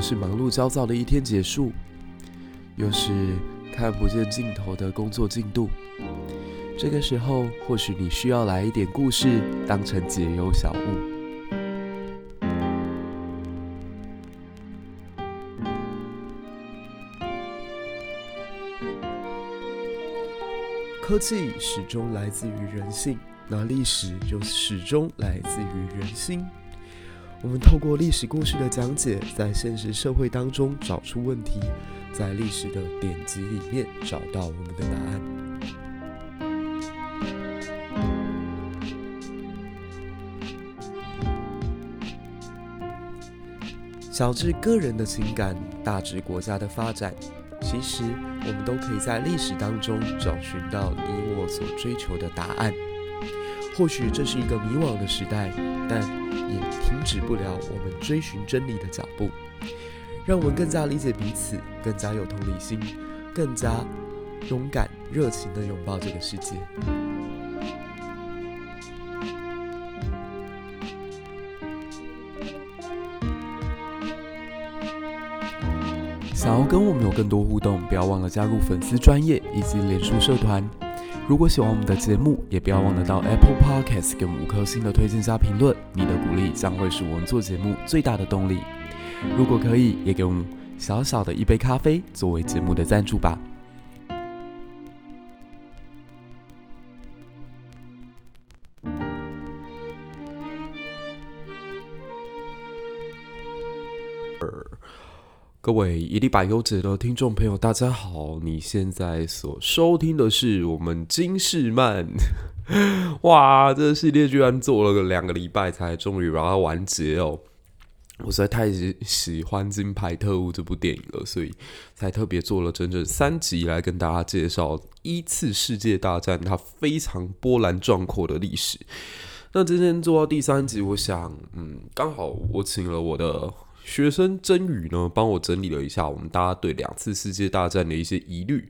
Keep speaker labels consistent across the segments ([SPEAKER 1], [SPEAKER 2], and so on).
[SPEAKER 1] 又是忙碌焦躁的一天結束，又是看不見盡頭的工作進度。這個時候，或許你需要來一點故事，當成解憂小物。科技始終來自於人性，那歷史就始終來自於人心。我們透過歷史故事的講解，在現實社會當中找出問題，在歷史的典籍裡面找到我們的答案。小至個人的情感，大至國家的發展，其實我們都可以在歷史當中找尋到你我所追求的答案。或許這是一個迷惘的時代，但，也停止不了我們追尋真理的腳步，讓我們更加理解彼此，更加有同理心，更加勇敢熱情的擁抱這個世界。想要跟我們有更多互動，不要忘了加入粉絲專頁以及臉書社團。如果喜歡我們的節目，也不要忘了到 Apple Podcast 給我們五顆星的推薦加評論，你的鼓勵將會是我們做節目最大的動力。如果可以，也給我們小小的一杯咖啡作為節目的贊助吧。各位一歷百憂解的聽眾朋友，大家好！你現在所收聽的是我們金士曼《金士曼》，哇，這個系列居然做了個兩個禮拜才終於把它完結哦！我實在太喜歡《金牌特務》這部電影了，所以才特別做了整整三集來跟大家介紹一次世界大戰它非常波瀾壯闊的歷史。那今天做到第三集，我想，嗯，剛好我請了我的。學生曾宇呢，幫我整理了一下我們大家對兩次世界大戰的一些疑慮。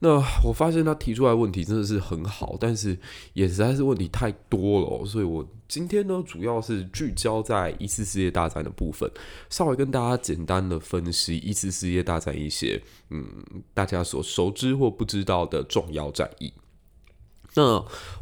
[SPEAKER 1] 那我發現他提出來問題真的是很好，但是也實在是問題太多了，所以我今天呢，主要是聚焦在一次世界大戰的部分，稍微跟大家簡單的分析一次世界大戰一些嗯大家所熟知或不知道的重要戰役。那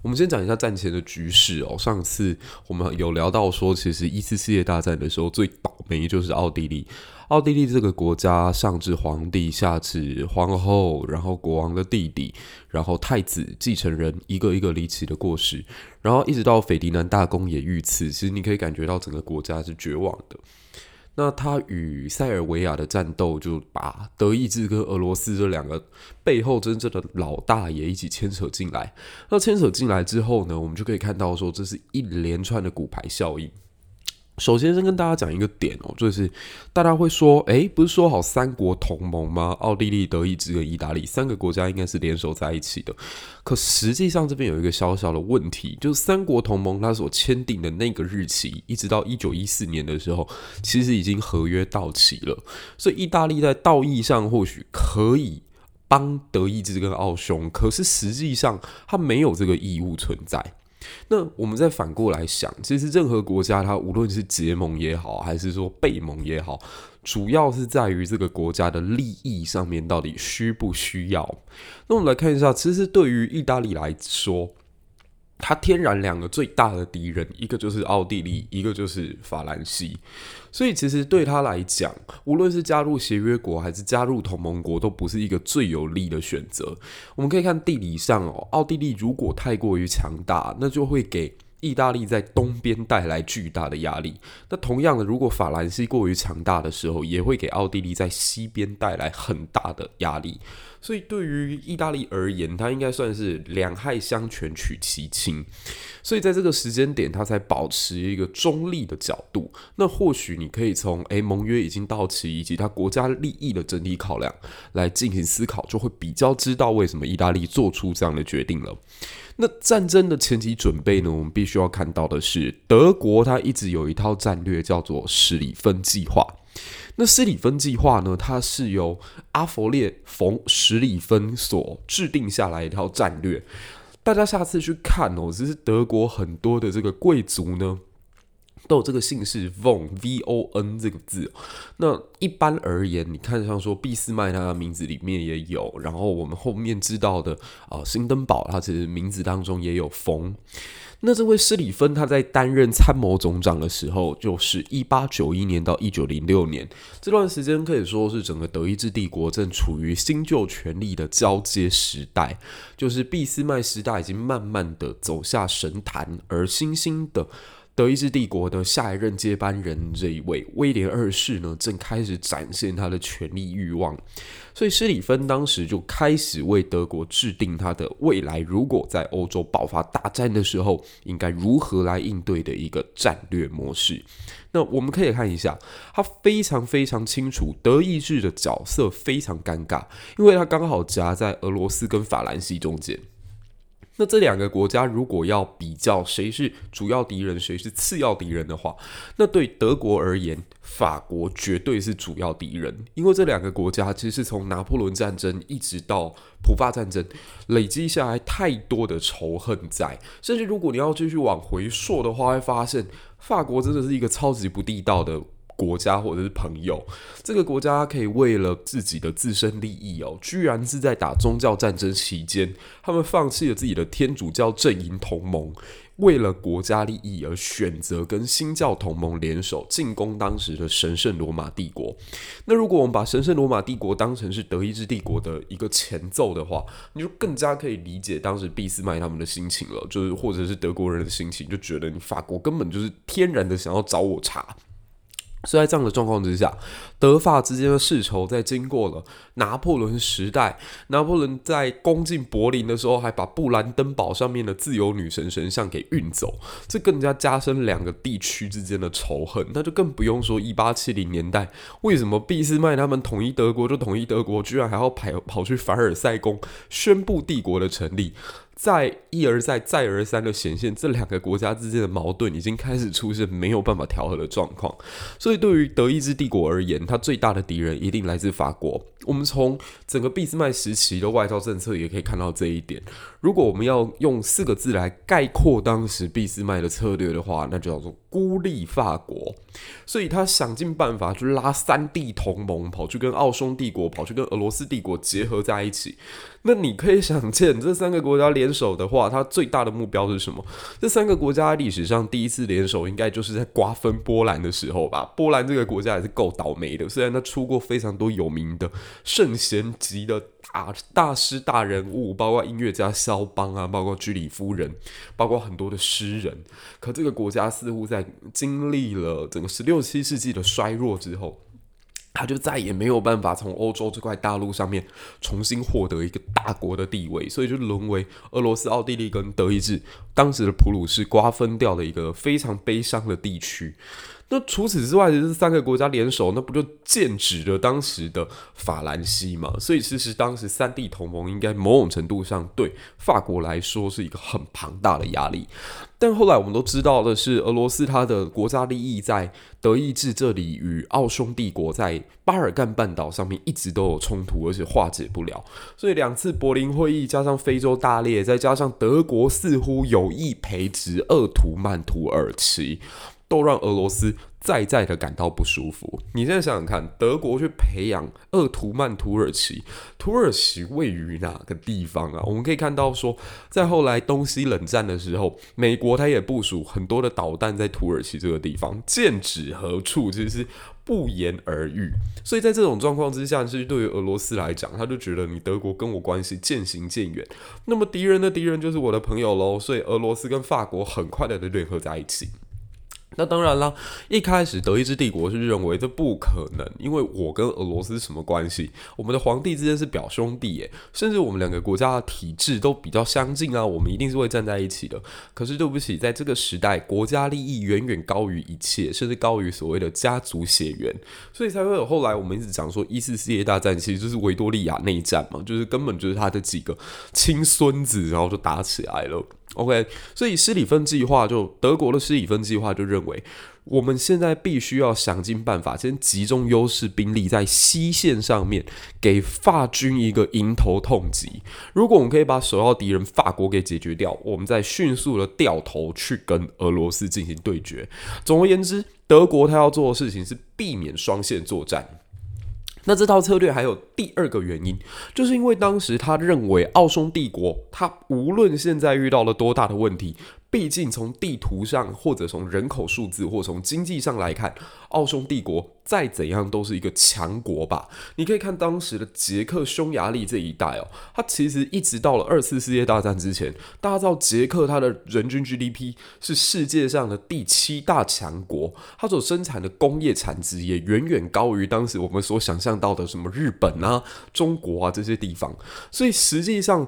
[SPEAKER 1] 我們先講一下戰前的局勢哦。上次我們有聊到說，其實一次世界大戰的時候，最倒霉就是奧地利。奧地利這個國家，上至皇帝，下至皇後，然後國王的弟弟，然後太子繼承人，一個一個離奇的過世，然後一直到斐迪南大公也遇刺，其實你可以感覺到整個國家是絕望的。那他與塞爾維亞的戰鬥，就把德意志跟俄羅斯這兩個背後真正的老大也一起牽扯進來。那牽扯進來之後呢，我們就可以看到說，這是一連串的骨牌效應。首先，先跟大家講一個點哦，就是大家會說，誒，不是說好三國同盟嗎？奧地利、德意志跟意大利三個國家應該是聯手在一起的。可實際上，這邊有一個小小的問題，就是三國同盟它所簽訂的那個日期，一直到一九一四年的時候，其實已經合約到期了。所以，意大利在道義上或許可以幫德意志跟奧匈，可是實際上它沒有這個義務存在。那我們再反過來想，其實任何國家，它無論是結盟也好，還是說被盟也好，主要是在於這個國家的利益上面，到底需不需要？那我們來看一下，其實對於意大利來說。他天然兩個最大的敵人，一個就是奧地利，一個就是法蘭西。所以其實對他來講，無論是加入協約國還是加入同盟國，都不是一個最有利的選擇。我們可以看地理上哦，奧地利如果太過於強大，那就會給意大利在東邊帶來巨大的壓力。那同樣的，如果法蘭西過於強大的時候，也會給奧地利在西邊帶來很大的壓力。所以對於意大利而言，它應該算是兩害相權取其輕，所以在這個時間點，它才保持一個中立的角度。那或許你可以從誒、欸、盟約已經到期，以及它國家利益的整體考量，來進行思考，就會比較知道為什麼意大利做出這樣的決定了。那戰爭的前期準備呢？我們必須要看到的是，德國它一直有一套戰略叫做史里芬計劃。那施里芬計劃呢？它是由阿佛烈·馮·施里芬所制定下來一套戰略。大家下次去看哦，其實德國很多的這個貴族呢，都有這個姓氏馮 V O N 這個字，那一般而言，你看像說俾斯麥，他的名字裡面也有；然後我們後面知道的啊、呃，興登堡，他其實名字當中也有馮。那這位施里芬，他在擔任參謀總長的時候，就是一八九一年到一九零六年這段時間，可以說是整個德意志帝國正處於新舊權力的交接時代，就是俾斯麥時代已經慢慢的走下神壇，而新興的。德意志帝國的下一任接班人，這一位威廉二世呢，正開始展現他的權力欲望，所以施里芬當時就開始為德國制定他的未來，如果在歐洲爆發大戰的時候，應該如何來應對的一個戰略模式。那我們可以看一下，他非常非常清楚，德意志的角色非常尷尬，因為他剛好夾在俄羅斯跟法蘭西中間。那這兩個國家如果要比較誰是主要敵人，誰是次要敵人的話，那對德國而言，法國絕對是主要敵人，因為這兩個國家其實是從拿破崙戰爭一直到普法戰爭，累積下來太多的仇恨在。甚至如果你要繼續往回溯的話，會發現法國真的是一個超級不地道的國家或者是朋友，這個國家可以為了自己的自身利益哦，居然是在打宗教戰爭期間，他們放棄了自己的天主教陣營同盟，為了國家利益而選擇跟新教同盟聯手進攻當時的神聖羅馬帝國。那如果我們把神聖羅馬帝國當成是德意志帝國的一個前奏的話，你就更加可以理解當時俾斯麥他們的心情了，就是或者是德國人的心情，就覺得你法國根本就是天然的想要找我茬。所以在這樣的狀況之下，德法之間的世仇在經過了，拿破崙時代，拿破崙在攻進柏林的時候，還把布蘭登堡上面的自由女神神像給運走，這更加加深兩個地區之間的仇恨。那就更不用說一八七零年代，為什麼俾斯麥他們統一德國就統一德國，居然還要跑跑去凡爾賽宮宣布帝國的成立，在一而再再而三的顯現，這兩個國家之間的矛盾已經開始出現沒有辦法調和的狀況。所以，對於德意志帝國而言，他最大的敵人一定來自法國。我們。從整個俾斯麥時期的外交政策也可以看到這一點。如果我們要用四個字來概括當時俾斯麥的策略的話，那就叫做孤立法國。所以他想盡辦法去拉三帝同盟，跑去跟奧匈帝國，跑去跟俄羅斯帝國結合在一起。那你可以想見，這三個國家聯手的話，它最大的目標是什麼？這三個國家歷史上第一次聯手，應該就是在瓜分波蘭的時候吧。波蘭這個國家也是夠倒霉的，雖然它出過非常多有名的聖賢級的大大師、大人物，包括音樂家肖邦啊，包括居里夫人，包括很多的詩人。可這個國家似乎在經歷了整個十六、七世紀的衰弱之後。他就再也沒有辦法從歐洲這塊大陸上面重新獲得一個大國的地位，所以就淪為俄羅斯、奧地利跟德意志當時的普魯士瓜分掉了一個非常悲傷的地區。那除此之外這三個國家聯手，那不就劍指着當時的法蘭西嗎？所以其實當時三帝同盟應該某種程度上對法國來說是一個很龐大的壓力。但後來我們都知道的是，俄羅斯它的國家利益在德意志這裡與奧匈帝國在巴爾幹半島上面一直都有衝突，而且化解不了。所以兩次柏林會議，加上非洲大列，再加上德國似乎有意培植鄂圖曼土耳其。都讓俄羅斯再再的感到不舒服。你現在想想看，德國去培養鄂圖曼土耳其，土耳其位於哪個地方啊？我們可以看到說，在後來東西冷戰的時候，美國他也部署很多的導彈在土耳其這個地方，劍指何處，其實不言而喻。所以在這種狀況之下，其實對於俄羅斯來講，他就覺得你德國跟我關係漸行漸遠，那麼敵人的敵人就是我的朋友嘍。所以俄羅斯跟法國很快的就聯合在一起。那當然了，一開始德意志帝國是認為這不可能，因為我跟俄羅斯是什麼關係？我們的皇帝之間是表兄弟耶，甚至我們兩個國家的體制都比較相近啊，我們一定是會站在一起的。可是對不起，在這個時代，國家利益遠遠高於一切，甚至高於所謂的家族血緣，所以才會有後來我們一直講說一次世界大戰其實就是維多利亞內戰嘛，就是根本就是他的幾個親孫子，然後就打起來了。OK，所以施里芬計劃就德國的施里芬計劃就認為，我們現在必須要想盡辦法，先集中優勢兵力在西線上面，給法軍一個迎頭痛擊。如果我們可以把首要敵人法國給解決掉，我們再迅速的掉頭去跟俄羅斯進行對決。總而言之，德國他要做的事情是避免雙線作戰。那這套策略還有第二個原因，就是因為當時他認為奧匈帝國，他無論現在遇到了多大的問題。畢竟，從地圖上，或者從人口數字，或從經濟上來看，奧匈帝國再怎樣都是一個強國吧。你可以看當時的捷克、匈牙利這一帶哦，它其實一直到了二次世界大戰之前，大家知道捷克它的人均 GDP 是世界上的第七大強國，它所生產的工業產值也遠遠高於當時我們所想象到的什麼日本啊、中國啊這些地方，所以實際上。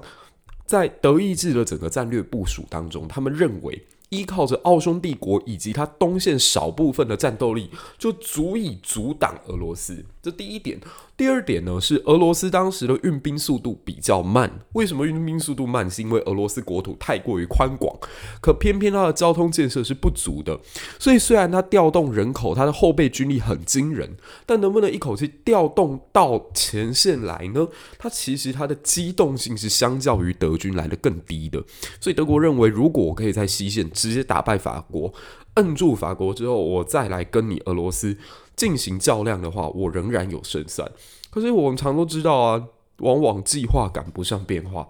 [SPEAKER 1] 在德意志的整個戰略部署當中，他們認為依靠着奧匈帝國以及它東線少部分的戰鬥力，就足以阻擋俄羅斯。這第一點。第二點呢，是俄羅斯當時的運兵速度比較慢。為什麼運兵速度慢？是因為俄羅斯國土太過於寬廣，可偏偏它的交通建設是不足的。所以雖然它調動人口，它的後備軍力很驚人，但能不能一口氣調動到前線來呢？它其實它的機動性是相較於德軍來得更低的。所以德國認為，如果我可以在西線直接打敗法國，摁住法國之後，我再來跟你俄羅斯，進行較量的話，我仍然有勝算。可是我們常都知道啊，往往計劃趕不上變化。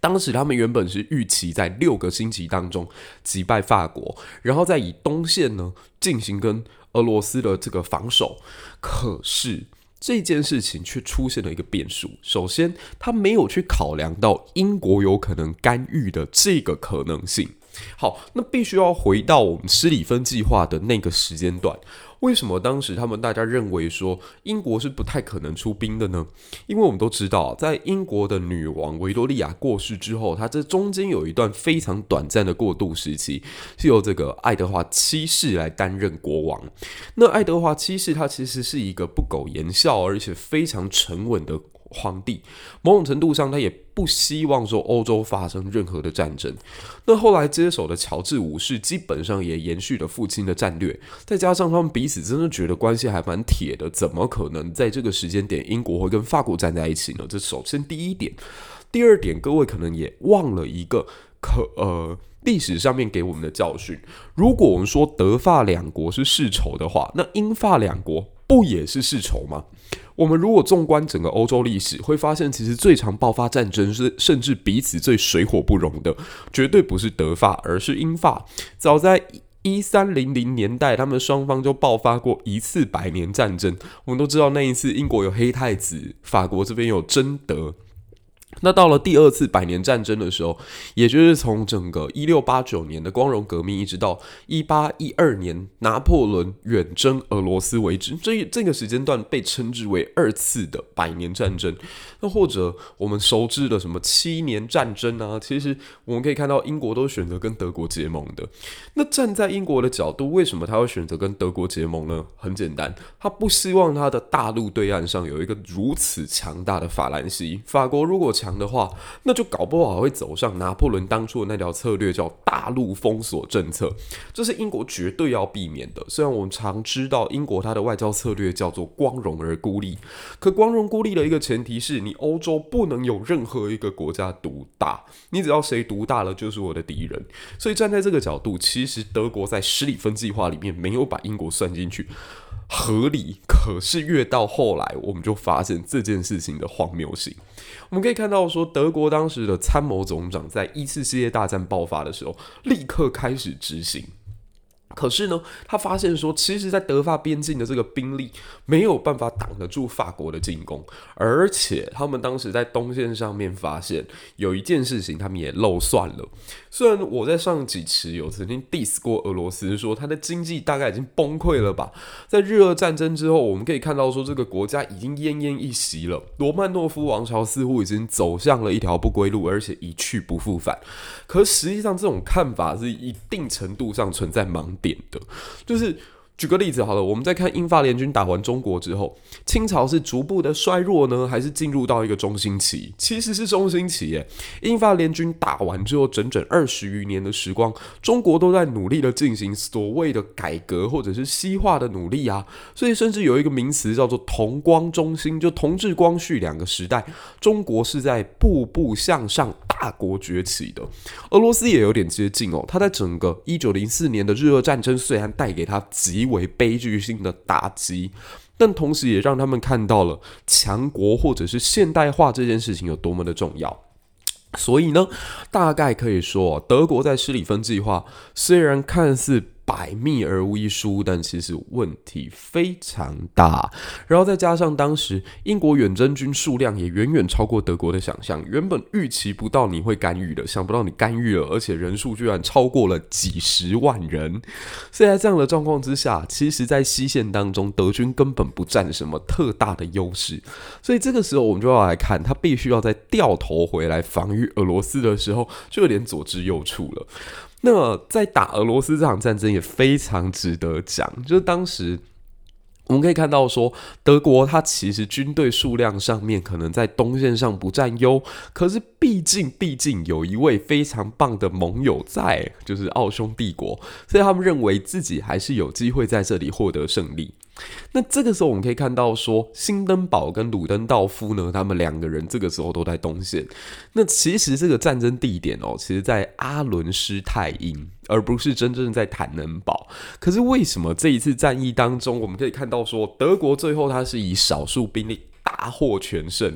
[SPEAKER 1] 當時他們原本是預期在六個星期當中擊敗法國，然後再以東線呢，進行跟俄羅斯的這個防守。可是，這件事情卻出現了一個變數。首先，他沒有去考量到英國有可能干預的這個可能性。好，那必須要回到我們施里芬計劃的那個時間段。為什麼當時他們大家認為說英國是不太可能出兵的呢？因為我們都知道，在英國的女王維多利亞過世之後，她這中間有一段非常短暫的過渡時期，是由這個愛德華七世來擔任國王。那愛德華七世他其實是一個不苟言笑而且非常沉穩的皇帝，某種程度上他也。不希望說歐洲發生任何的戰爭。那後來接手的喬治五世基本上也延續了父親的戰略，再加上他們彼此真的覺得關係還蠻鐵的，怎麼可能在這個時間點英國會跟法國站在一起呢？這首先第一點，第二點，各位可能也忘了一個可，可呃，歷史上面給我們的教訓，如果我們說德法兩國是世仇的話，那英法兩國不也是世仇嗎？我們如果縱觀整個歐洲歷史，會發現其實最常爆發戰爭，是甚至彼此最水火不容的，絕對不是德法，而是英法。早在一三零零年代，他們雙方就爆發過一次百年戰爭。我們都知道，那一次英國有黑太子，法國這邊有貞德。那到了第二次百年戰爭的時候，也就是從整個一六八九年的光榮革命，一直到一八一二年拿破崙遠征俄羅斯為止，這一這個時間段被稱之為二次的百年戰爭。那或者我們熟知的什麼七年戰爭啊，其實我們可以看到英國都選擇跟德國結盟的。那站在英國的角度，為什麼他會選擇跟德國結盟呢？很簡單，他不希望他的大陸對岸上有一個如此強大的法蘭西。法國如果強，強的話，那就搞不好會走上拿破崙當初的那條策略，叫大陸封鎖政策。這是英國絕對要避免的。雖然我們常知道英國它的外交策略叫做“光榮而孤立”，可“光榮孤立”的一個前提是你歐洲不能有任何一個國家獨大。你只要誰獨大了，就是我的敵人。所以站在這個角度，其實德國在施里芬計劃裡面沒有把英國算進去。合理，可是越到後來我們就發現這件事情的荒謬性。我們可以看到說德國當時的參謀總長在一次世界大戰爆發的時候，立刻開始執行。可是呢，他發現說，其實，在德法邊境的這個兵力沒有辦法擋得住法國的進攻，而且他們當時在東線上面發現有一件事情，他們也漏算了。雖然我在上幾次有曾經 diss 過俄羅斯，說他的經濟大概已經崩潰了吧。在日俄戰爭之後，我們可以看到說，這個國家已經奄奄一息了。羅曼諾夫王朝似乎已經走向了一條不歸路，而且一去不復返。可實際上，這種看法是一定程度上存在盲點。的，就是舉個例子好了，我們再看英法聯軍打完中國之後，清朝是逐步的衰弱呢，還是進入到一個中興期？其實是中興期。耶。英法聯軍打完之後，整整二十餘年的時光，中國都在努力的進行所謂的改革或者是西化的努力啊。所以，甚至有一個名詞叫做“同光中興”，就同治光緒兩個時代，中國是在步步向上。大國崛起的俄羅斯也有點接近哦。他在整個一九零四年的日俄戰爭，雖然帶給他極為悲劇性的打擊，但同時也讓他們看到了強國或者是現代化這件事情有多麼的重要。所以呢，大概可以說哦，德國在施里芬計劃雖然看似。百密而無一疏，但其實問題非常大。然後再加上當時英國遠征軍數量也遠遠超過德國的想象，原本預期不到你會干預的，想不到你干預了，而且人數居然超過了幾十萬人。所以在這樣的狀況之下，其實，在西線當中，德軍根本不佔什麼特大的優勢。所以這個時候，我們就要來看，他必須要在掉頭回來防禦俄羅斯的時候，就有點左支右絀了。那麼，在打俄羅斯，這場戰爭也非常值得講，就是當時我們可以看到說，德國它其實軍隊數量上面可能在東線上不占優，可是畢竟畢竟有一位非常棒的盟友在，就是奧匈帝國，所以他們認為自己還是有機會在這裡獲得勝利。那這個時候我們可以看到，說興登堡跟魯登道夫呢，他們兩個人這個時候都在東線。那其實這個戰爭地點哦、喔，其實在阿倫施泰因，而不是真正在坦能堡。可是為什麼這一次戰役當中，我們可以看到說德國最後它是以少數兵力，大獲全勝，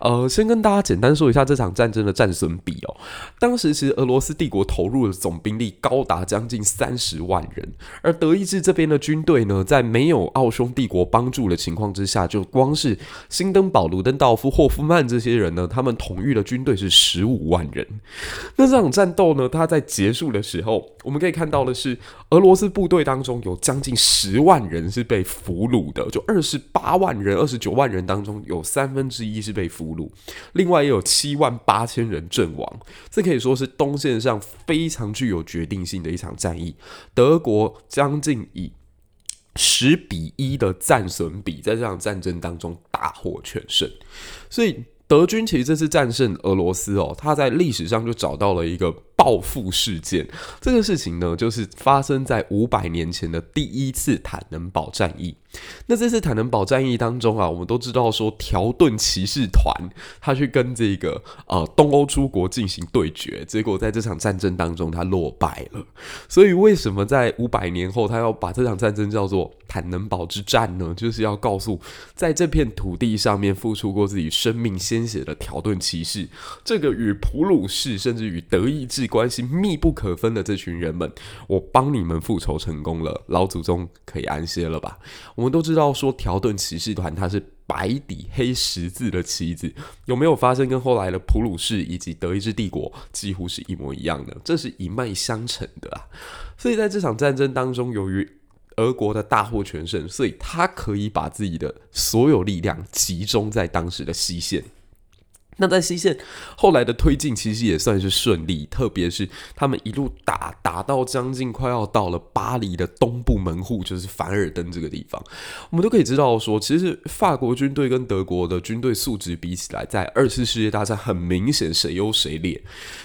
[SPEAKER 1] 呃，先跟大家簡單說一下這場戰爭的戰損比哦。當時其實俄羅斯帝國投入的總兵力高達將近三十萬人，而德意志這邊的軍隊呢，在沒有奧匈帝國幫助的情況之下，就光是興登堡、盧登道夫、霍夫曼這些人呢，他們統禦的軍隊是十五萬人。那這場戰鬥呢，它在結束的時候，我們可以看到的是，俄羅斯部隊當中有將近十萬人是被俘虜的，就二十八萬人、二十九萬人當中。有三分之一是被俘虜，另外也有七萬八千人陣亡。這可以說是東線上非常具有決定性的一場戰役。德國將近以十比一的戰損比，在這場戰爭當中大獲全勝。所以，德軍其實這次戰勝俄羅斯哦，他在歷史上就找到了一個。報復事件這個事情呢，就是發生在五百年前的第一次坦能堡戰役。那這次坦能堡戰役當中啊，我們都知道說條頓騎士團他去跟這個呃東歐諸國進行對決，結果在這場戰爭當中他落敗了。所以為什麼在五百年後他要把這場戰爭叫做坦能堡之戰呢？就是要告訴在這片土地上面付出過自己生命鮮血的條頓騎士，這個與普魯士甚至於德意志，關係密不可分的這群人們，我幫你們復仇成功了，老祖宗可以安歇了吧？我們都知道，說條頓騎士團它是白底黑十字的旗子，有沒有發現跟後來的普魯士以及德意志帝國幾乎是一模一樣的？這是一脈相承的啊！所以在這場戰爭當中，由於俄國的大獲全勝，所以他可以把自己的所有力量集中在當時的西線。那在西線後來的推進其實也算是順利，特別是他們一路打打到將近快要到了巴黎的東部門戶，就是凡爾登這個地方。我們都可以知道說，其實法國軍隊跟德國的軍隊素質比起來，在二次世界大戰很明顯誰優誰劣。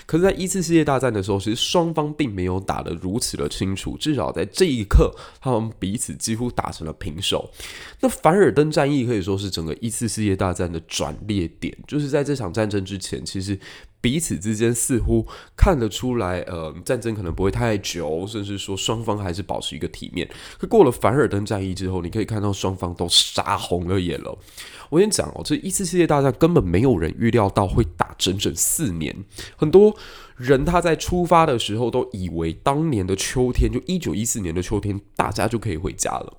[SPEAKER 1] 可是，在一次世界大戰的時候，其實雙方並沒有打得如此的清楚，至少在這一刻，他們彼此幾乎打成了平手。那凡爾登戰役可以說是整個一次世界大戰的轉捩點，就是在這場戰爭之前，其實彼此之間似乎看得出來，呃，戰爭可能不會太久，甚至說雙方還是保持一個體面。可過了凡爾登戰役之後，你可以看到雙方都殺紅了眼了。我先講哦，這一次世界大戰根本沒有人預料到會打整整四年，很多人他在出發的時候都以為當年的秋天，就一九一四年的秋天，大家就可以回家了。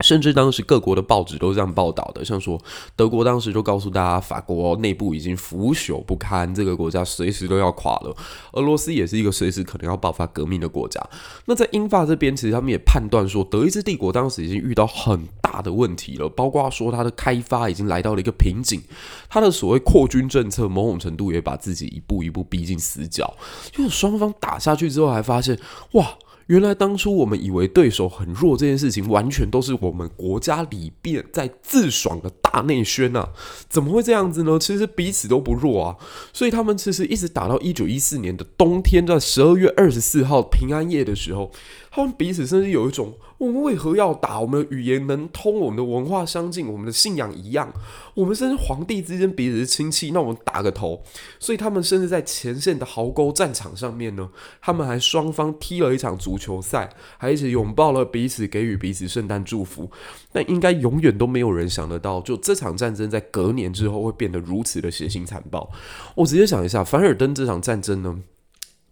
[SPEAKER 1] 甚至當時各國的報紙都是這樣報道的，像說德國當時就告訴大家，法國內部已經腐朽不堪，這個國家隨時都要垮了。俄羅斯也是一個隨時可能要爆發革命的國家。那在英法這邊，其實他們也判斷說，德意志帝國當時已經遇到很大的問題了，包括說它的開發已經來到了一個瓶頸，它的所謂擴軍政策某種程度也把自己一步一步逼進死角。就是雙方打下去之後，還發現哇。原來當初我們以為對手很弱這件事情，完全都是我們國家裡邊在自爽的大內宣啊！怎麼會這樣子呢？其實彼此都不弱啊，所以他們其實一直打到一九一四年的冬天，在十二月二十四號平安夜的時候，他們彼此甚至有一種。我們為何要打？我們的語言能通，我們的文化相近，我們的信仰一樣，我們甚至皇帝之間彼此是親戚，那我們打個頭。所以他們甚至在前線的壕溝戰場上面呢，他們還雙方踢了一場足球賽，還一起擁抱了彼此，給予彼此聖誕祝福。但應該永遠都沒有人想得到，就這場戰爭在隔年之後會變得如此的血腥殘暴。我直接想一下，凡爾登這場戰爭呢？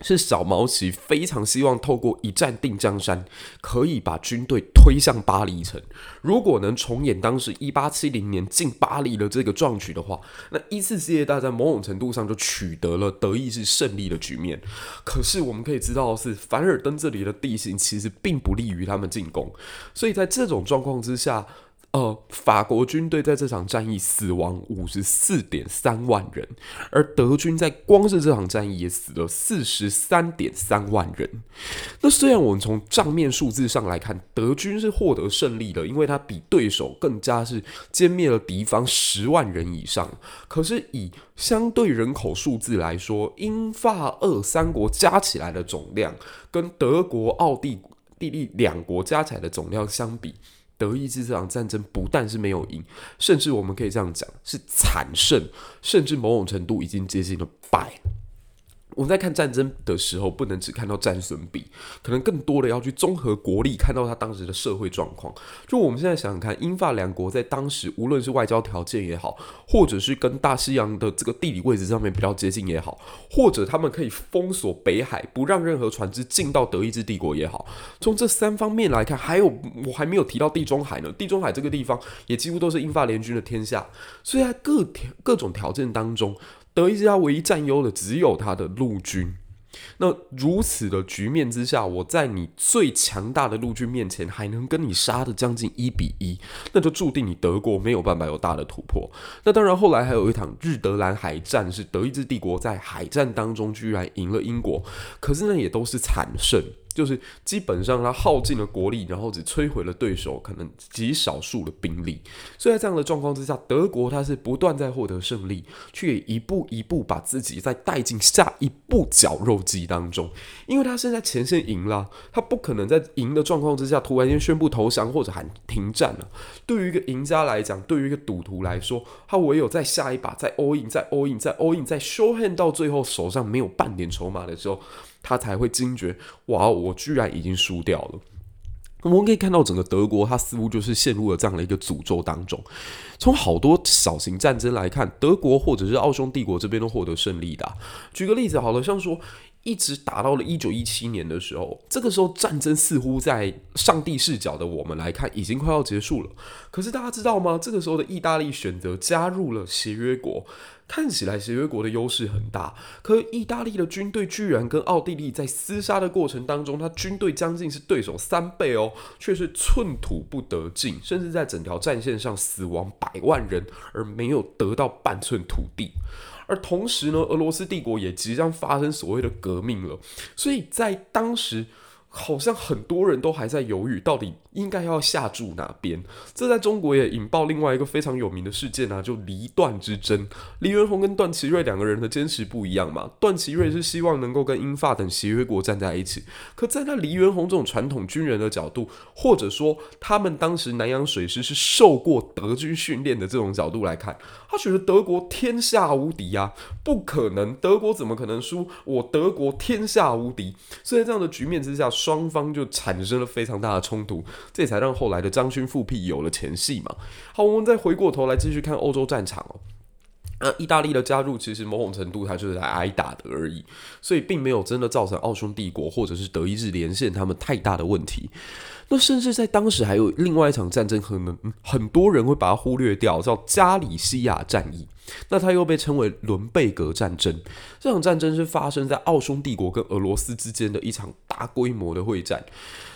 [SPEAKER 1] 是小毛奇非常希望透過一戰定江山，可以把軍隊推向巴黎城。如果能重演當時一八七零年進巴黎的這個壯舉的話，那一次世界大戰某種程度上就取得了德意志勝利的局面。可是我們可以知道的是，凡爾登這裡的地形其實並不利於他們進攻，所以在這種狀況之下。呃，法國軍隊在這場戰役死亡五十四點三萬人，而德軍在光是這場戰役也死了四十三點三萬人。那雖然我們從賬面數字上來看，德軍是獲得勝利的，因為他比對手更加是殲滅了敵方十萬人以上。可是，以相對人口數字來說，英法二三國加起來的總量，跟德國、奧地，地利兩國加起來的總量相比。德意志這場戰爭不但是沒有贏，甚至我們可以這樣講，是慘勝，甚至某種程度已經接近了敗了。我們在看戰爭的時候，不能只看到戰損比，可能更多的要去綜合國力，看到他當時的社會狀況。就我們現在想想看，英法兩國在當時，無論是外交條件也好，或者是跟大西洋的這個地理位置上面比較接近也好，或者他們可以封鎖北海，不讓任何船隻進到德意志帝國也好，從這三方面來看，還有我還沒有提到地中海呢。地中海這個地方也幾乎都是英法聯軍的天下，所以在各條各種條件當中。德意志他唯一佔優的只有他的陸軍。那如此的局面之下，我在你最強大的陸軍面前，還能跟你殺的將近一比一，那就注定你德國沒有辦法有大的突破。那當然，後來還有一場日德蘭海戰，是德意志帝國在海戰當中居然贏了英國，可是呢，也都是慘勝。就是基本上，他耗盡了國力，然後只摧毀了對手可能極少數的兵力。所以在這樣的狀況之下，德國他是不斷在獲得勝利，卻也一步一步把自己再帶進下一步絞肉機當中。因為他現在前線贏了，他不可能在贏的狀況之下突然間宣布投降或者喊停戰了。對於一個贏家來講，對於一個賭徒來說，他唯有在下一把再 all in 再 all in 再 all in 再 show hand 到最後手上沒有半點籌碼的時候。他才會驚覺，哇！我居然已經輸掉了。我們可以看到，整個德國，它似乎就是陷入了這樣的一個詛咒當中。從好多小型戰爭來看，德國或者是奧匈帝國這邊都獲得勝利的啊。舉個例子，好了，像說一直打到了一九一七年的時候，這個時候戰爭似乎在上帝視角的我們來看，已經快要結束了。可是大家知道嗎？這個時候的意大利選擇加入了協約國。看起來協約國的優勢很大，可，意大利的軍隊居然跟奧地利在廝殺的過程當中，他軍隊將近是對手三倍哦，卻是寸土不得進，甚至在整條戰線上死亡百萬人，而沒有得到半寸土地。而同時呢，俄羅斯帝國也即將發生所謂的革命了，所以在當時。好像很多人都還在猶豫，到底應該要下注哪邊？這在中國也引爆另外一個非常有名的事件啊，就黎段之爭。黎元洪跟段祺瑞兩個人的堅持不一樣嘛。段祺瑞是希望能夠跟英法等協約國站在一起，可站在黎元洪這種傳統軍人的角度，或者說他們當時南洋水師是受過德軍訓練的這種角度來看，他覺得德國天下無敵啊，不可能，德國怎麼可能輸？我德國天下無敵，所以在這樣的局面之下。雙方就產生了非常大的衝突，這才讓後來的張勳復辟有了前戲嘛。好，我們再回過頭來繼續看歐洲戰場哦。那、啊、意大利的加入，其實某種程度它就是來挨打的而已，所以並沒有真的造成奧匈帝國或者是德意志連線他們太大的問題。那甚至在當時還有另外一場戰爭，可能很多人會把它忽略掉，叫加里西亞戰役。那它又被稱為倫貝格戰爭。這場戰爭是發生在奧匈帝國跟俄羅斯之間的一場大規模的會戰。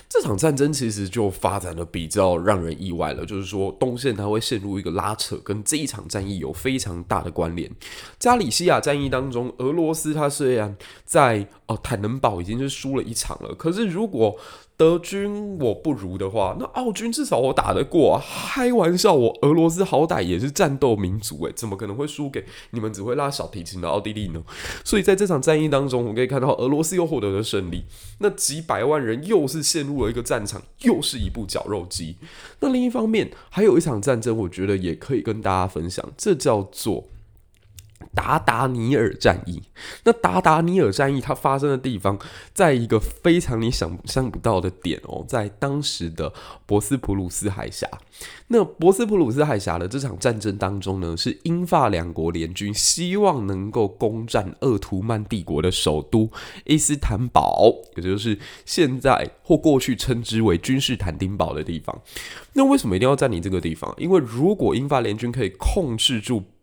[SPEAKER 1] 這場戰爭其實就發展得比較讓人意外了，就是說東線它會陷入一個拉扯，跟這一場戰役有非常大的關聯。加里西亞戰役當中，俄羅斯它雖然在哦、呃、坦能堡已經是輸了一場了，可是如果德軍我不如的話，那奧軍至少我打得過，啊。開玩笑我，我俄羅斯好歹也是戰鬥民族、欸，誒，怎麼可能會輸給你們只會拉小提琴的奧地利呢？所以在這場戰役當中，我們可以看到俄羅斯又獲得了勝利。那幾百萬人又是陷入了一個戰場，又是一部絞肉機。那另一方面，還有一場戰爭，我覺得也可以跟大家分享，這叫做。達達尼爾戰役，那達達尼爾戰役它發生的地方，在一個非常你想象不到的點哦，在當時的博斯普魯斯海峽。那博斯普魯斯海峽的這場戰爭當中呢，是英法兩國聯軍希望能夠攻占鄂圖曼帝國的首都伊斯坦堡，也就是現在或過去稱之為君士坦丁堡的地方。那為什麼一定要佔領這個地方？因為如果英法聯軍可以控制住。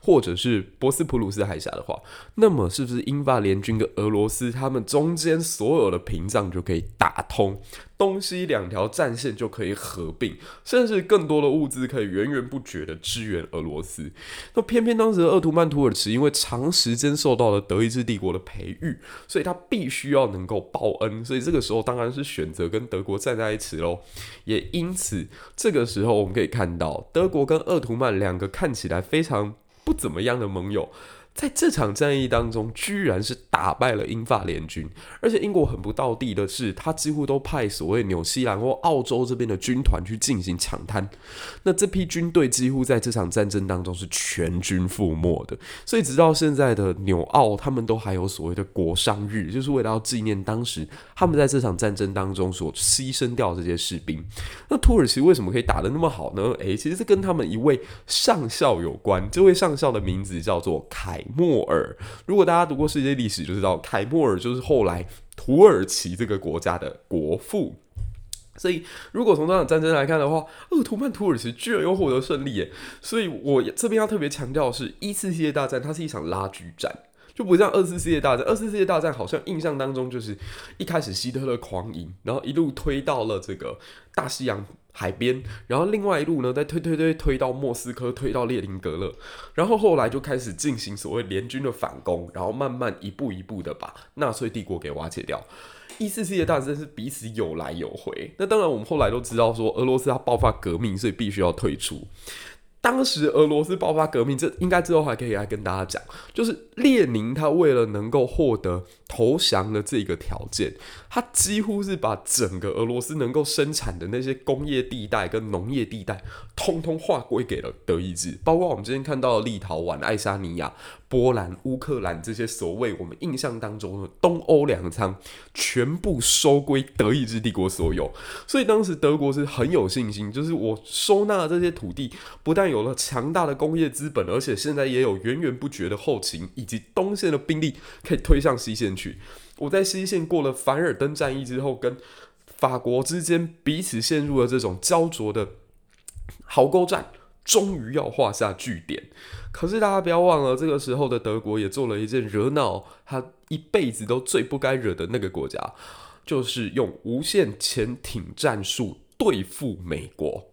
[SPEAKER 1] 或者是博斯普魯斯海峽的話，那麼是不是英法聯軍跟俄羅斯他們中間所有的屏障就可以打通，東西兩條戰線就可以合併，甚至更多的物資可以源源不絕地支援俄羅斯？那偏偏當時的鄂圖曼土耳其因為長時間受到了德意志帝國的培育，所以他必須要能夠報恩，所以這個時候當然是選擇跟德國站在一起嘍。也因此，這個時候我們可以看到德國跟鄂圖曼兩個看起來非常不怎麼樣的盟友。在這場戰役當中，居然是打敗了英法聯軍，而且英國很不道地的是，他幾乎都派所謂紐西蘭或澳洲這邊的軍團去進行搶灘，那這批軍隊幾乎在這場戰爭當中是全軍覆沒的，所以直到現在的紐澳，他們都還有所謂的國殤日，就是為了要紀念當時他們在這場戰爭當中所犧牲掉這些士兵。那土耳其為什麼可以打得那麼好呢？誒，其實是跟他們一位上校有關，這位上校的名字叫做凱。末爾，如果大家讀過世界歷史，就知道凱末爾就是後來土耳其這個國家的國父。所以，如果從這場戰爭來看的話，鄂圖曼土耳其居然又獲得勝利耶！所以我這邊要特別強調的是，一次世界大戰它是一場拉鋸戰。就不像二次世界大戰，二次世界大戰好像印象當中就是一開始希特勒狂贏，然後一路推到了這個大西洋海邊，然後另外一路呢再推推推推到莫斯科，推到列寧格勒，然後後來就開始進行所謂聯軍的反攻，然後慢慢一步一步的把納粹帝國給瓦解掉。一次世界大戰是彼此有來有回，那當然我們後來都知道說俄羅斯它爆發革命，所以必須要退出。當時俄羅斯爆發革命，這應該之後還可以來跟大家講。就是列寧他為了能夠獲得投降的這個條件，他幾乎是把整個俄羅斯能夠生產的那些工業地帶跟農業地帶，通通劃歸給了德意志，包括我們今天看到的立陶宛、愛沙尼亞。波蘭、烏克蘭這些所謂我們印象當中的東歐糧倉，全部收歸德意志帝國所有。所以當時德國是很有信心，就是我收納了這些土地，不但有了強大的工業資本，而且現在也有源源不絕的後勤以及東線的兵力可以推向西線去。我在西線過了凡爾登戰役之後，跟法國之間彼此陷入了這種焦灼的壕溝戰，終於要畫下句點。可是大家不要忘了，這個時候的德國也做了一件惹惱他一輩子都最不該惹的那個國家，就是用無限潛艇戰術對付美國。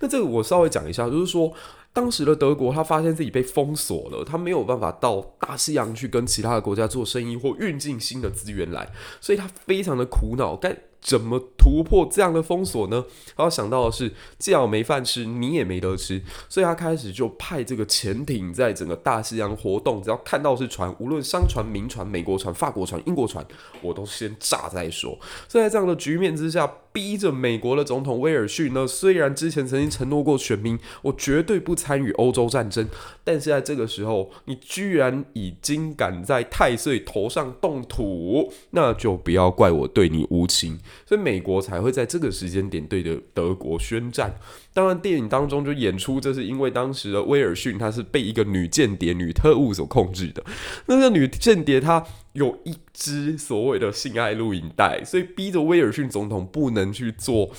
[SPEAKER 1] 那這個我稍微講一下，就是說當時的德國他發現自己被封鎖了，他沒有辦法到大西洋去跟其他的國家做生意或運進新的資源來，所以他非常的苦惱。但怎麼突破這樣的封鎖呢？然後想到的是，既然我沒飯吃，你也沒得吃，所以他開始就派這個潛艇在整個大西洋活動，只要看到是船，無論商船、民船、美國船、法國船、英國船，我都先炸再說。所以在這樣的局面之下，逼着美國的總統威爾遜呢，雖然之前曾經承諾過選民，我絕對不參與歐洲戰爭，但是在這個時候，你居然已經敢在太歲頭上動土，那就不要怪我對你無情。所以美國才會在這個時間點對着德國宣戰。當然，電影當中就演出這是因為當時的威爾遜他是被一個女間諜、女特務所控制的。那個女間諜她有一支所謂的性愛錄影帶，所以逼着威爾遜總統不能去做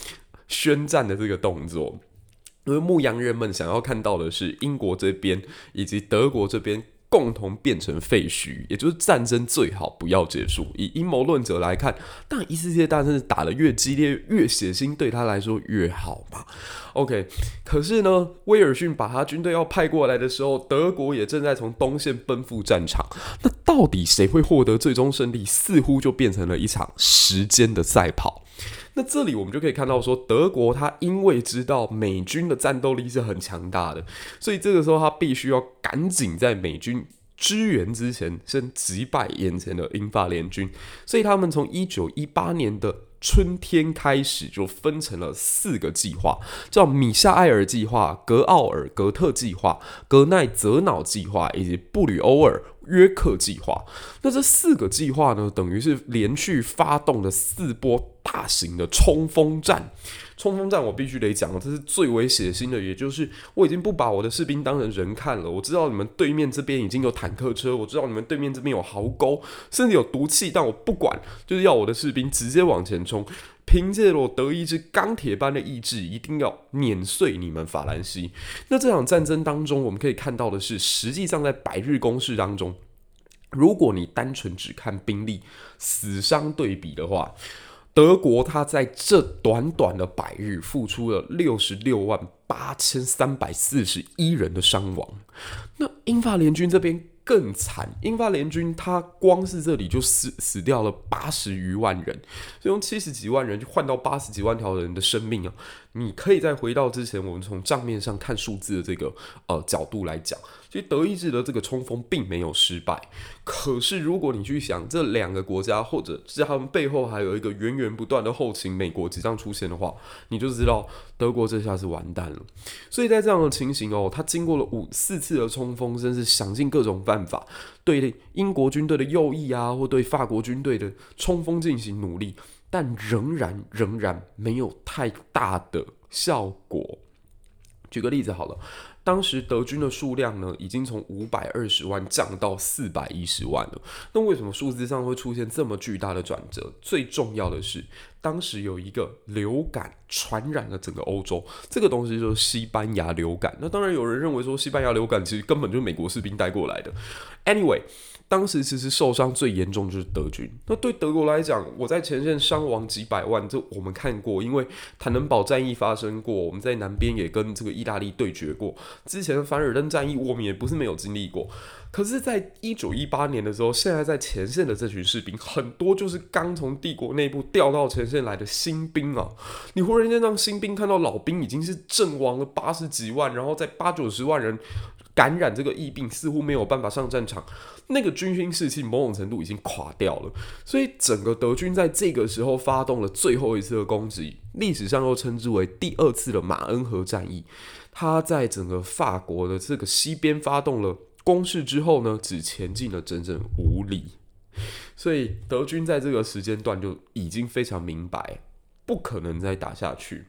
[SPEAKER 1] 宣戰的這個動作。因為牧羊人們想要看到的是英國這邊以及德國這邊。共同變成廢墟，也就是戰爭最好不要結束。以陰謀論者來看，但一次世界大戰是打得越激烈越血腥，對他來說越好嘛？OK，可是呢，威爾遜把他軍隊要派過來的時候，德國也正在從東線奔赴戰場。那到底誰會獲得最終勝利？似乎就變成了一場時間的賽跑。在這裡，我們就可以看到，說德國他因為知道美軍的戰鬥力是很強大的，所以這個時候他必須要趕緊在美軍支援之前先擊敗眼前的英法聯軍，所以他們從一九一八年的春天開始就分成了四個計劃，叫米夏埃爾計劃、格奧爾格特計劃、格奈澤瑙計劃以及布呂歐爾。約克計劃，那這四個計劃呢，等於是連續發動了四波大型的衝鋒戰。衝鋒戰，我必須得講，這是最為血腥的，也就是我已經不把我的士兵當成人看了。我知道你們對面這邊已經有坦克車，我知道你們對面這邊有壕溝，甚至有毒氣，但我不管，就是要我的士兵直接往前衝。憑借着我德意志鋼鐵般的意志，一定要碾碎你們法蘭西。那這場戰爭當中，我們可以看到的是，實際上在百日攻勢當中，如果你單純只看兵力死傷對比的話，德國它在這短短的百日付出了六十六萬八千三百四十一人的傷亡，那英法聯軍這邊。更慘，英法聯軍他光是這裡就死死掉了八十餘萬人，就用七十幾萬人去換到八十幾萬條人的生命啊！你可以再回到之前我們從賬面上看數字的這個呃角度來講。其實德意志的這個衝鋒並沒有失敗，可是如果你去想這兩個國家，或者是他們背後還有一個源源不斷的後勤，美國即將出現的話，你就知道德國這下是完蛋了。所以在這樣的情形哦，他經過了五四次的衝鋒，甚至想盡各種辦法對英國軍隊的右翼啊，或對法國軍隊的衝鋒進行努力，但仍然仍然沒有太大的效果。舉個例子好了。當時德軍的數量呢，已經從五百二十萬降到四百一十萬了。那為什麼數字上會出現這麼巨大的轉折？最重要的是，當時有一個流感傳染了整個歐洲，這個東西就是西班牙流感。那當然有人認為說，西班牙流感其實根本就是美國士兵帶過來的。Anyway。當時其實受傷最嚴重就是德軍。那對德國來講，我在前線傷亡幾百萬，這我們看過，因為坦能堡戰役發生過，我們在南邊也跟這個意大利對決過，之前的凡爾登戰役我們也不是沒有經歷過。可是，在一九一八年的時候，現在在前線的這群士兵，很多就是剛從帝國內部調到前線來的新兵啊。你忽然間讓新兵看到老兵已經是陣亡了八十幾萬，然後在八九十萬人。感染這個疫病，似乎沒有辦法上戰場，那個軍心士氣某種程度已經垮掉了，所以整個德軍在這個時候發動了最後一次的攻擊，歷史上又稱之為第二次的馬恩河戰役。他在整個法國的這個西邊發動了攻勢之後呢，只前進了整整五里，所以德軍在這個時間段就已經非常明白，不可能再打下去。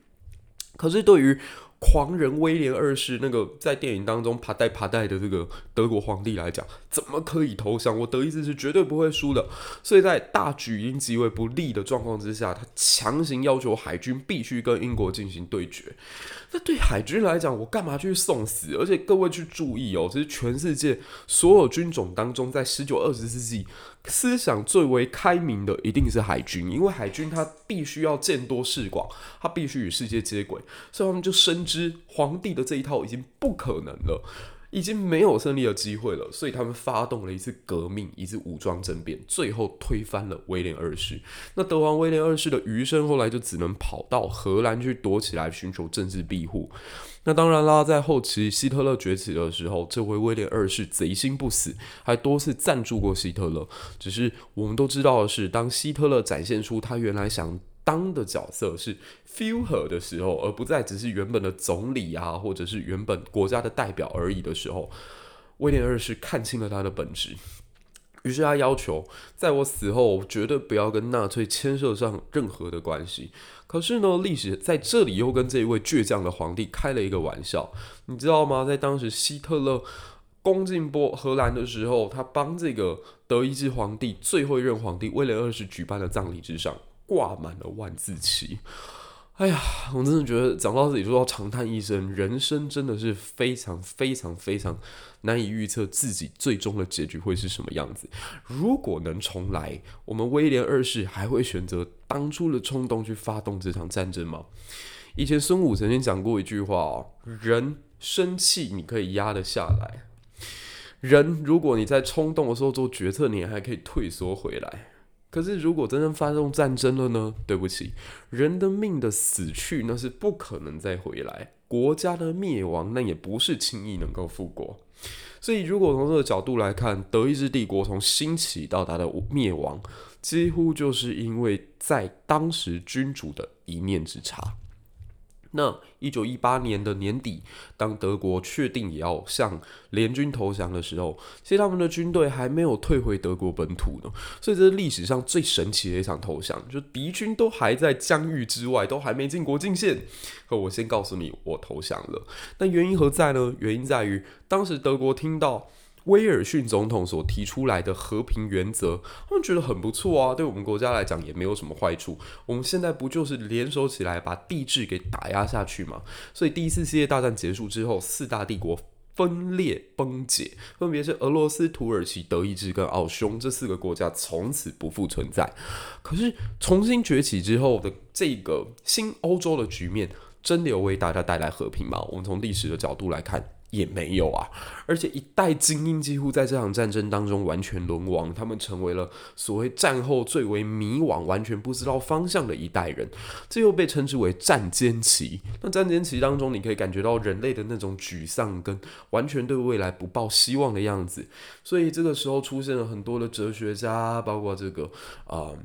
[SPEAKER 1] 可是對於狂人威廉二世，那個在電影當中爬代爬代的這個德國皇帝來講，怎麼可以投降？我德意志是絕對不會輸的。所以在大舉已極為不利的狀況之下，他強行要求海軍必須跟英國進行對決。那對海軍來講，我幹嘛去送死？而且各位去注意哦，這是全世界所有軍種當中在1920，在十九二十世紀。思想最為開明的一定是海軍，因為海軍他必須要見多識廣，他必須與世界接軌，所以他們就深知皇帝的這一套已經不可能了，已經沒有勝利的機會了，所以他們發動了一次革命，一次武裝政變，最後推翻了威廉二世。那德皇威廉二世的餘生後來就只能跑到荷蘭去躲起來，尋求政治庇護。那當然啦，在後期希特勒崛起的時候，這位威廉二世賊心不死，還多次贊助過希特勒。只是我們都知道的是，當希特勒展現出他原來想當的角色是 Führer 的時候，而不再只是原本的總理啊，或者是原本國家的代表而已的時候，威廉二世看清了他的本質。於是他要求，在我死後絕對不要跟納粹牽涉上任何的關係。可是呢，歷史在這裡又跟這一位倔強的皇帝開了一個玩笑，你知道嗎？在當時希特勒攻進波荷蘭的時候，他幫這個德意志皇帝最後一任皇帝威廉二世舉辦的葬禮之上，掛滿了萬字旗。哎呀，我真的覺得講到這裡就要長嘆一聲，人生真的是非常非常非常難以預測自己最終的結局會是什麼樣子。如果能重來，我們威廉二世還會選擇當初的衝動去發動這場戰爭嗎？以前孫武曾經講過一句話哦：人生氣你可以壓得下來，人如果你在衝動的時候做決策，你還可以退縮回來。可是，如果真正發動戰爭了呢？對不起，人的命的死去那是不可能再回來，國家的滅亡那也不是輕易能夠復國。所以，如果從這個角度來看，德意志帝國從興起到它的滅亡，幾乎就是因為在當時君主的一念之差。那一九一八年的年底，當德國確定也要向聯軍投降的時候，其實他們的軍隊還沒有退回德國本土呢。所以這是歷史上最神奇的一場投降，就敵軍都還在疆域之外，都還沒進國境線。可我先告訴你，我投降了。那原因何在呢？原因在於當時德國聽到。威爾遜總統所提出來的和平原則，他們覺得很不錯啊，對我們國家來講也沒有什麼壞處。我們現在不就是聯手起來把帝制給打壓下去嗎？所以第一次世界大戰結束之後，四大帝國分裂崩解，分別是俄羅斯、土耳其、德意志跟奧匈這四個國家，從此不復存在。可是重新崛起之後的這個新歐洲的局面，真的有為大家帶來和平嗎？我們從歷史的角度來看。也沒有啊，而且一代精英幾乎在這場戰爭當中完全淪亡，他們成為了所謂戰後最為迷惘、完全不知道方向的一代人，這又被稱之為戰間期。那戰間期當中，你可以感覺到人類的那種沮喪跟完全對未來不抱希望的樣子，所以這個時候出現了很多的哲學家，包括這個啊。呃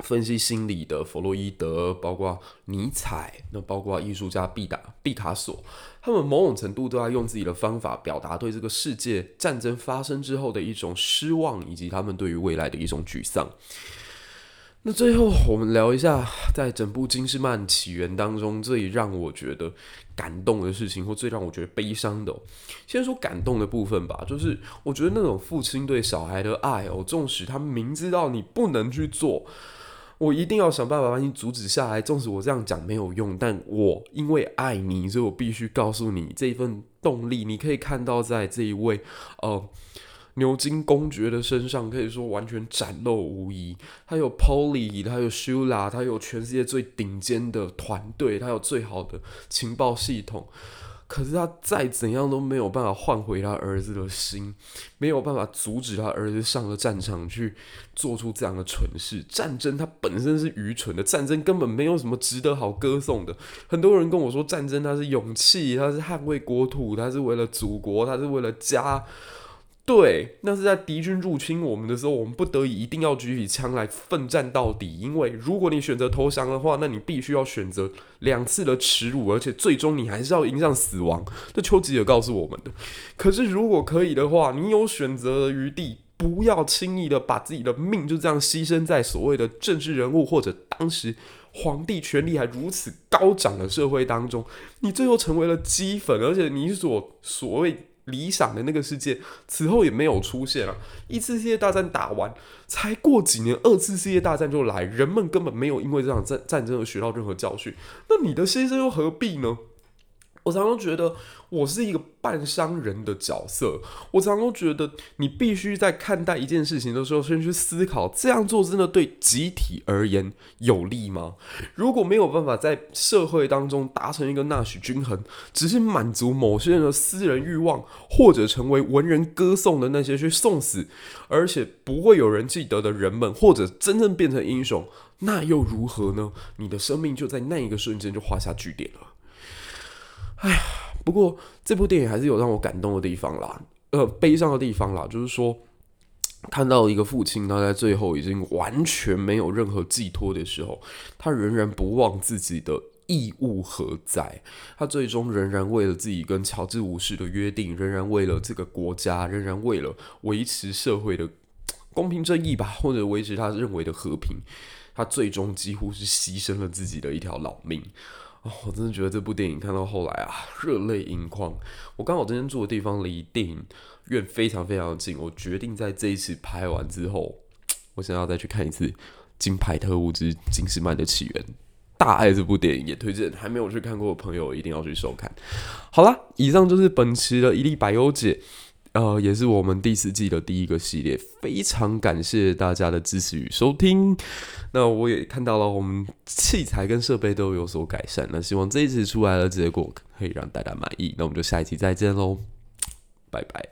[SPEAKER 1] 分析心理的弗洛伊德，包括尼采，那包括藝術家畢達畢卡索，他們某種程度都在用自己的方法表達對這個世界戰爭發生之後的一種失望，以及他們對於未來的一種沮喪。那最後我們聊一下，在整部《金士曼起源》當中，最讓我覺得感動的事情，或最讓我覺得悲傷的哦。先說感動的部分吧，就是我覺得那種父親對小孩的愛哦，縱使他明知道你不能去做。我一定要想辦法把你阻止下來。縱使我這樣講沒有用，但我因為愛你，所以我必須告訴你，這一份動力你可以看到在這一位，呃，牛津公爵的身上，可以說完全展露無遺。他有 Polly，他有 Shola，他有全世界最頂尖的團隊，他有最好的情報系統。可是他再怎樣都沒有辦法換回他兒子的心，沒有辦法阻止他兒子上了戰場去做出這樣的蠢事。戰爭它本身是愚蠢的，戰爭根本沒有什麼值得好歌頌的。很多人跟我說，戰爭它是勇氣，它是捍衛國土，它是為了祖國，它是為了家。對，那是在敵軍入侵我們的時候，我們不得已一定要舉起槍來奮戰到底。因為如果你選擇投降的話，那你必須要選擇兩次的恥辱，而且最終你還是要迎上死亡。這丘吉爾告訴我們的。可是如果可以的話，你有選擇的餘地，不要輕易的把自己的命就這樣犧牲在所謂的政治人物或者當時皇帝權力還如此高漲的社會當中，你最後成為了齏粉，而且你所所謂。理想的那個世界，此後也沒有出現了啊。一次世界大戰打完，才過幾年，二次世界大戰就來。人們根本沒有因為這場戰戰爭而學到任何教訓，那你的犧牲又何必呢？我常常覺得，我是一個半商人的角色。我常常覺得，你必須在看待一件事情的時候，先去思考這樣做真的對集體而言有利嗎？如果沒有辦法在社會當中達成一個納許均衡，只是滿足某些人的私人慾望，或者成為文人歌頌的那些去送死，而且不會有人記得的人們，或者真正變成英雄，那又如何呢？你的生命就在那一個瞬間就畫下句點了。哎呀，不過這部電影還是有讓我感動的地方啦，呃，悲傷的地方啦，就是說，看到一個父親，他在最後已經完全沒有任何寄托的時候，他仍然不忘自己的義務何在，他最終仍然為了自己跟喬治五世的約定，仍然為了這個國家，仍然為了維持社會的公平正義吧，或者維持他認為的和平，他最終幾乎是犧牲了自己的一條老命。哦，我真的覺得這部電影看到後來啊，熱淚盈眶。我剛好今天住的地方離電影院非常非常近，我決定在這一次拍完之後，我想要再去看一次《金牌特務之金士曼的起源》。大愛這部電影，也推薦還沒有去看過的朋友一定要去收看。好啦，以上就是本期的一歷百憂解。呃，也是我們第四季的第一個系列，非常感謝大家的支持與收聽。那我也看到了，我們器材跟設備都有所改善。那希望這一次出來的結果可以讓大家滿意。那我們就下一期再見嘍，拜拜。